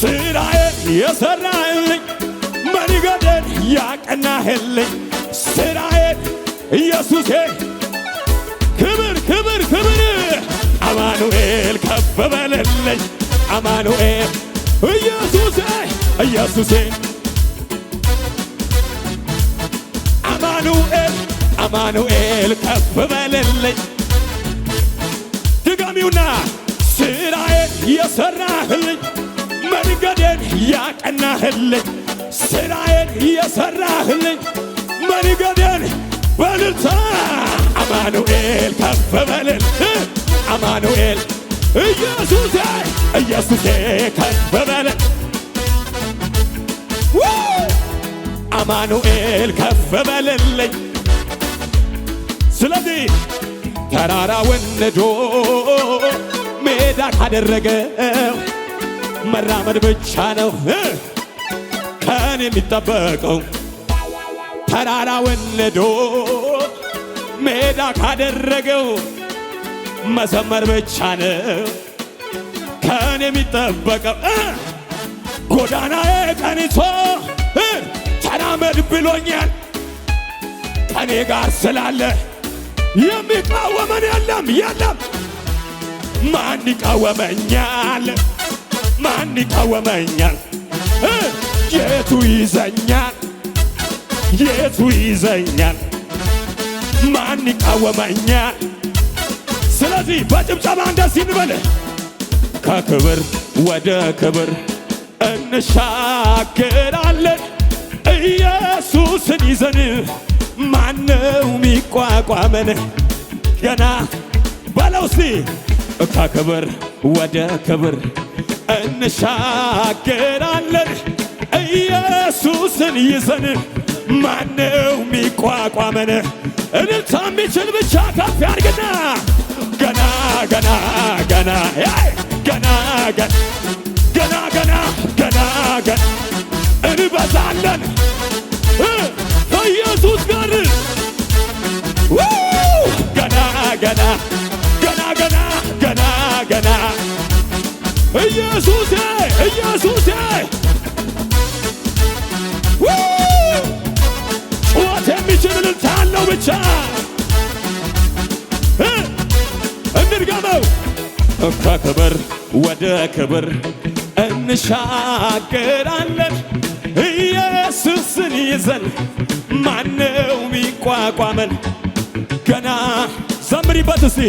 ስራዬን የሰራህልኝ መንገዴን ያቀናህልኝ ስራዬን ኢየሱሴ ክብር ክብር ክብር አማኑኤል ከበበለለኝ አማኑኤል ኢየሱሴ ኢየሱሴ አማኑኤል አማኑኤል ከበበለለኝ ድጋሚውና ስራዬን የሰራህልኝ መንገዴን ያቀናህልኝ ስራዬን የሰራህልኝ መንገዴን በልልታ አማኑኤል ከፍ በልል አማኑኤል ኢየሱሴ ኢየሱሴ ከፍ በል አማኑኤል ከፍ በልልኝ ስለዚህ ተራራ ንዶ ሜዳ ካደረገው መራመድ ብቻ ነው ከኔ የሚጠበቀው። ተራራ ወለዶ ሜዳ ካደረገው መዘመር ብቻ ነው ከኔ የሚጠበቀው። ጎዳናዬ ቀንሶ ተራመድ ብሎኛል። ከኔ ጋር ስላለ የሚቃወመን የለም የለም። ማን ይቃወመኛል? ማን ይቃወመኛል? የቱ ይዘኛል? የቱ ይዘኛል? ማን ይቃወመኛል? ስለዚህ በጭብጨባ እንደስ ይንበል ከክብር ወደ ክብር እንሻገራለን ኢየሱስን ይዘን ማነው ሚቋቋመን? ገና በለው እስቲ ከክብር ወደ ክብር እንሻገራለን ኢየሱስን ይዘን ማነው ሚቋቋመን? እልልታ ሚችል ብቻ ከፍ ያድርግና ገና ገና ገና ገና ገና ገና ገና ገና እንበዛለን ከኢየሱስ ጋር ገና ገና ኢየሱሴ ኢየሱሴ ጩኸት የሚችል እልልታ አለው ብቻ እንድገመው ከክብር ወደ ክብር እንሻገራለን ኢየሱስን ይዘን ማነው ሚቋቋመን? ገና ዘምሪበት እስቲ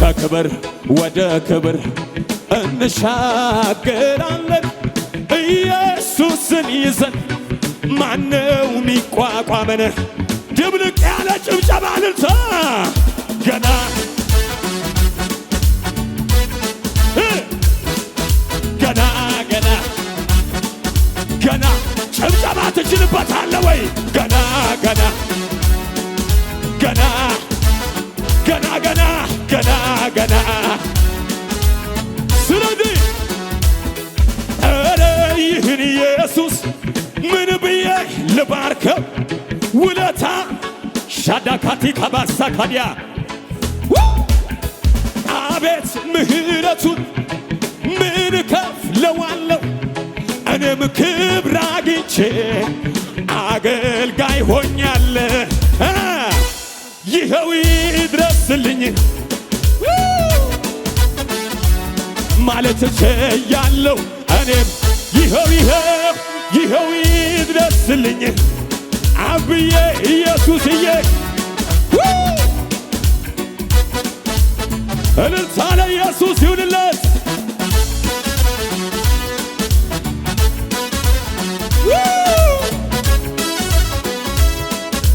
ከክብር ወደ ክብር እንሻገራለን ኢየሱስን ይዘን ማነው ሚቋቋመን ድብልቅ ያለ ልባርከ ውለታ ሻዳካቲ ካባሳ ካዲያ አቤት ምህረቱን ምን ከፍለዋለሁ እኔም ክብር አግኝቼ አገልጋይ ሆኛለ ይኸው ይድረስልኝ ማለት ቸያለሁ እኔም ይኸው ይኸው መልስልኝ አብዬ ኢየሱስዬ እልልታ ለኢየሱስ ይሁንለት።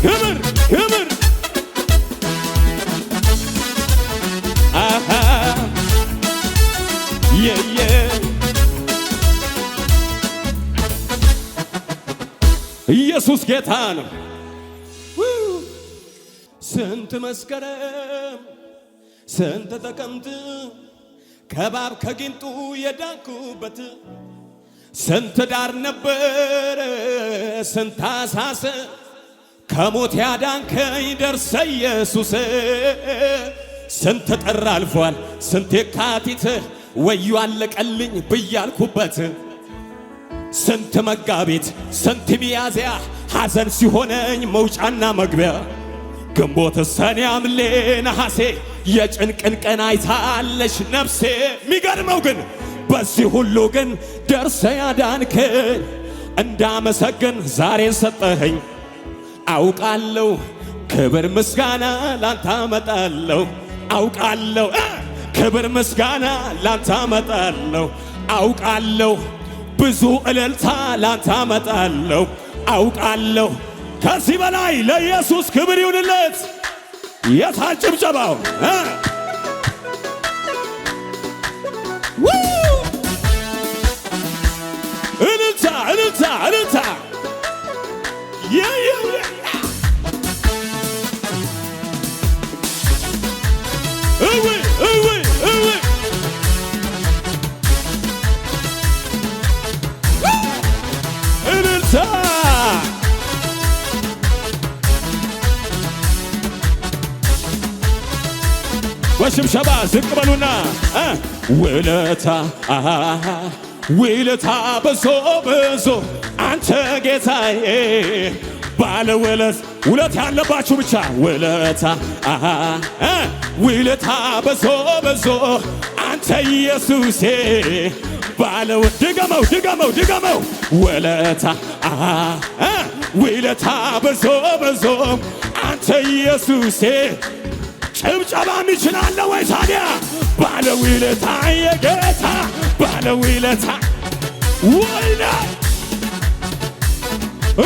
ክብር ክብር የየ ኢየሱስ ጌታ ነው። ስንት መስከረም ስንት ጥቅምት ከባብ ከጊንጡ የዳንኩበት ስንት ዳር ነበረ ስንት አሳሰ ከሞት ያዳንከኝ ደርሰ ኢየሱስ ስንት ጥር አልፏል ስንት የካቲት ወዮ አለቀልኝ ብያልኩበት ስንት መጋቢት ስንት ሚያዝያ ሐዘን ሲሆነኝ መውጫና መግቢያ ግንቦት ሰኔ ሐምሌ ነሐሴ የጭንቅን ቀን አይታለች ነፍሴ። ሚገርመው ግን በዚህ ሁሉ ግን ደርሰ ያዳንከኝ እንዳመሰግን ዛሬን ሰጠኸኝ። አውቃለሁ ክብር ምስጋና ላንታ አመጣለሁ። አውቃለሁ ክብር ምስጋና ላንተ አመጣለሁ። አውቃለሁ ብዙ እልልታ ላንተ አመጣለሁ አውቃለሁ። ከዚህ በላይ ለኢየሱስ ክብር ይሁንለት። የታች ጭብጨባው እልልታ እልልታ ድቅ በሉና ውለታ ውለታ በዞ በዞ አንተ ጌታዬ ባለ ውለት ውለት ያለባችሁ ብቻ ውለታ ውለታ በዞ በዞ አንተ ኢየሱሴ ባለ ድገመው ድገመው ድገመው ውለታ ውለታ በዞ በዞ አንተ ኢየሱሴ ጭብጨባ ይችላለ ወይ ታዲያ? ባለውለታ የጌታ ባለውለታ ወይነ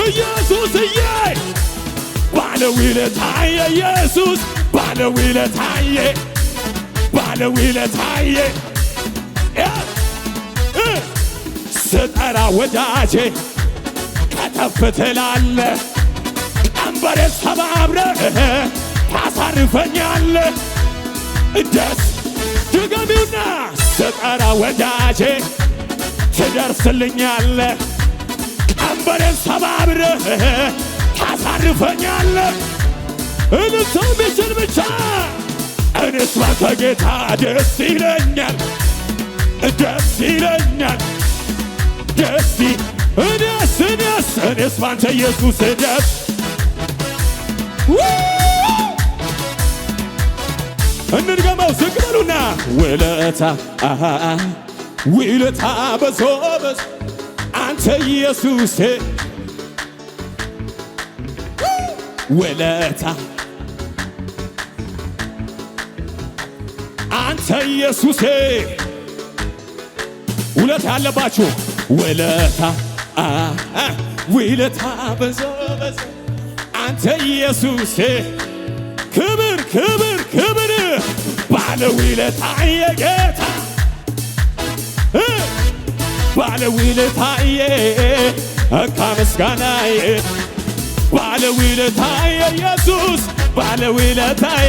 ኢየሱስ እየ ባለውለታዬ ኢየሱስ ባለውለታዬ ባለውለታዬ ስጠራ ወዳጄ ከተፍ ቀንበሬ ሰባብረ ታሳርፈኛለ ደስ ድገሚውና ስጠራ ወዳጄ ትደርስልኛለ ቀንበሬን ሰባብረ ታሳርፈኛለ እንሱ ሚችል ብቻ እኔስ ባንተ ጌታ ደስ ይለኛል ደስ ይለኛል ደስ ደስ ደስ እኔስ ባንተ ኢየሱስ ደስ እንድገመው ዝቅበሉና ውለታ ውለታ በዞ በዞ አንተ ውለታ አንተ ውለታ ያለባችሁ ውለታ ውለታ አንተ ክብር ክብር ክብር ባለውለታ የጌታ ባለውለታዬ እካ ምስጋናዬ ባለውለታዬ ኢየሱስ ባለውለታዬ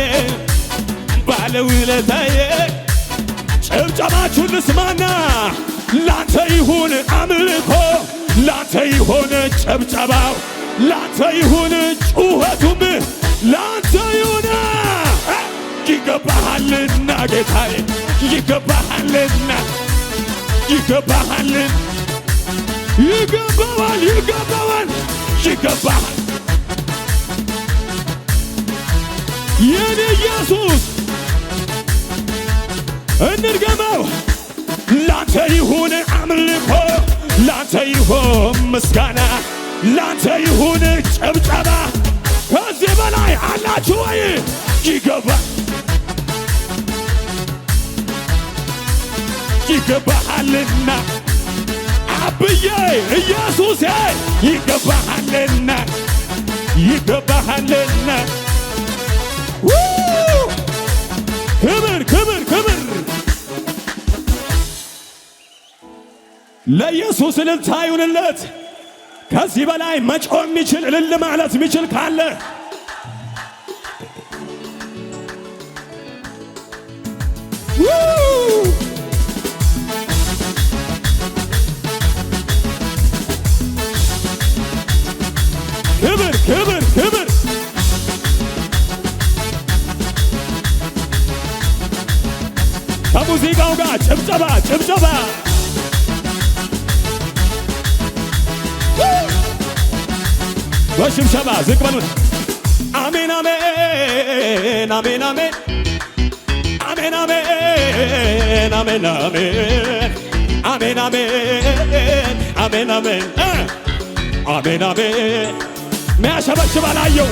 ባለውለታዬ ጭብጨባችሁን ልስማና ላንተ ይሁን አምልኮ ላንተ ይሁን ጭብጨባው ላንተ ይሁን ጩኸቱም ላንተ ይሁን ይገባሃልና ጌታዬ ይገባሃልና ይገባሃልን ይገባዋል ይገባዋል ይገባሃል የኔ ኢየሱስ እንድገመው ላንተ ይሁን አምልኮ ላንተ ይሁን ምስጋና ላንተ ይሁን ጭብጨባ ከዚህ በላይ አላችሁ ወይ? ይገባል ይገባሃልና አብዬ ኢየሱሴ ይገባሃልና ይገባሃልና ክብር ክብር ክብር ለኢየሱስ እልልታ ይሁንለት። ከዚህ በላይ መጮህ የሚችል እልል ማለት የሚችል ካለ ክብር ክብር ክብር ከሙዚቃው ጋር ጭብጨባ ጭብጨባ በሽብሸባ ዝቅ በሉት አሜን አሜን አሜን አሜን አሜን አሜን አሜን አሜን አሜን አሜን አሜን አሜን አሜን ሚያሸበሽብ አላየው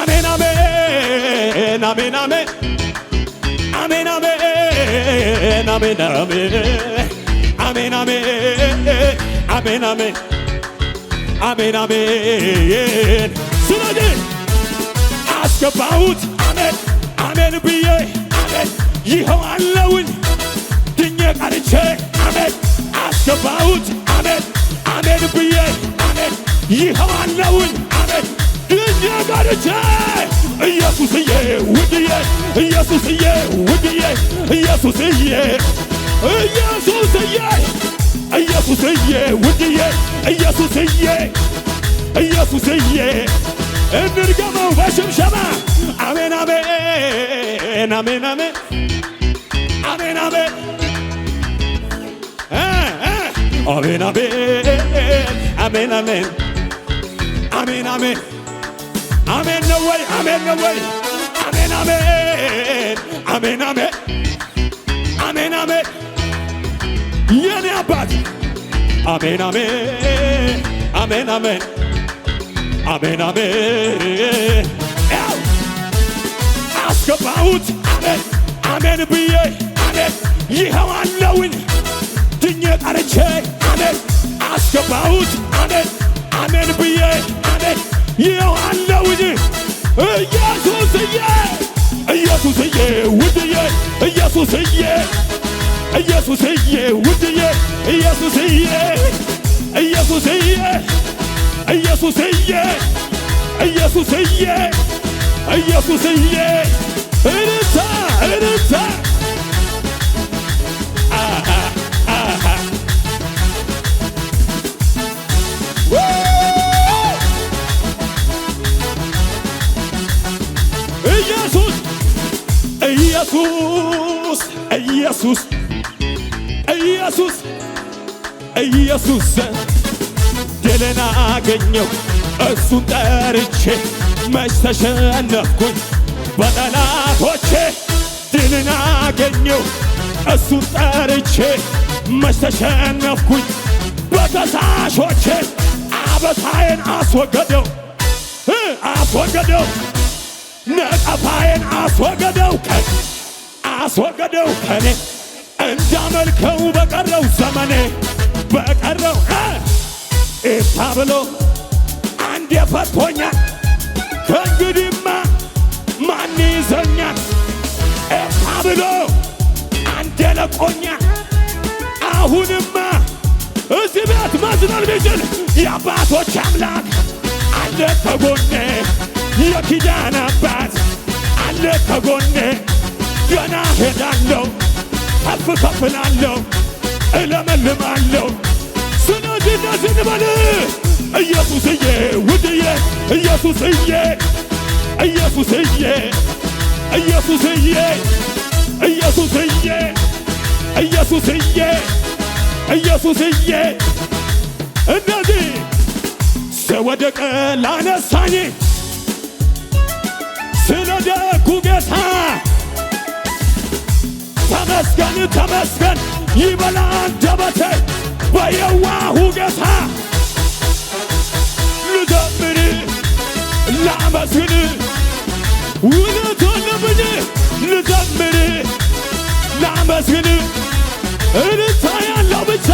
አሜን አሜን አሜን አሜን አሜን አሜን አሜን አሜን አሜን አሜን አሜን አሜን ስለዚህ አስገባሁት አሜን አሜን ብዬ ይኸው አለውኝ ድኜ ቀርቼ አሜን አስገባሁት አሜን አሜን ብዬ አሜን ይኸው አለውኝ አሜን ድኜ ቀርቼ ኢየሱስዬ ውድዬ ኢየሱስዬ ውድዬ ኢየሱስዬ ኢየሱስዬ ኢየሱስዬ ውድዬ ኢየሱስዬ ኢየሱስዬ እንድርገመው በሽምሸማ አሜን አሜን አሜን አሜን Amen Amen Amen, amen, amen, amen, amen, amen, amen, Amen way, amen, Amen Amen amen, amen, amen, amen, amen, amen, Amen Amen Amen Amen Amen amen. Amen amen amen. amen, amen amen አሜን። ይኸው አለውኝ ድኜ ቀርቼ አሜን አስገባሁት አሜን አሜን ብዬ አሜን ይኸው አለውኝ ኢየሱስዬ ኢየሱስዬ ውድዬ ኢየሱስዬ ኢየሱስዬ ውድዬ ኢየሱስዬ ኢየሱስዬ ኢየሱስዬ ኢየሱስዬ ኢየሱስዬ እንታ እንታ ኢየሱስ ኢየሱስ ድልን አገኘው እሱን ጠርቼ መች ተሸነፍኩኝ በጠላቶቼ ድልን አገኘው እሱን ጠርቼ መች ተሸነፍኩኝ በከሳሾቼ አበሳዬን አስወገደው አስወገደው ነቀፋዬን አስወገደው አስወገደው ከኔ እንዳመልከው በቀረው ዘመኔ በቀረው ኤፓ ብሎ አንድ የፈቶኛል ከእንግዲህማ ማን ይዘኛል? ኤፓ ብሎ አንድ የለቆኛል አሁንማ እዚህ ቤት መዝናል ቢችል የአባቶች አምላክ አለ ከጎኔ የኪዳን አባት አለ ከጎኔ ገና ሄዳለሁ ከፍ ከፍ እላለሁ እለመልማለሁ። ስለዚህ እንደዚህ እንበል ኢየሱስዬ ውድዬ ኢየሱስዬ ኢየሱስዬ ኢየሱስዬ ኢየሱስዬ ኢየሱስዬ ኢየሱስዬ እንደዚህ ስወድቅ ላነሳኝ ስለ ጌታ ተመስገን ተመስገን ይበላ አንደበቴ በየዋሁ ጌታ ልዘምር ላመስግን ውለቱን ብዬ ልዘምር ላመስግን እንታያለው ብቻ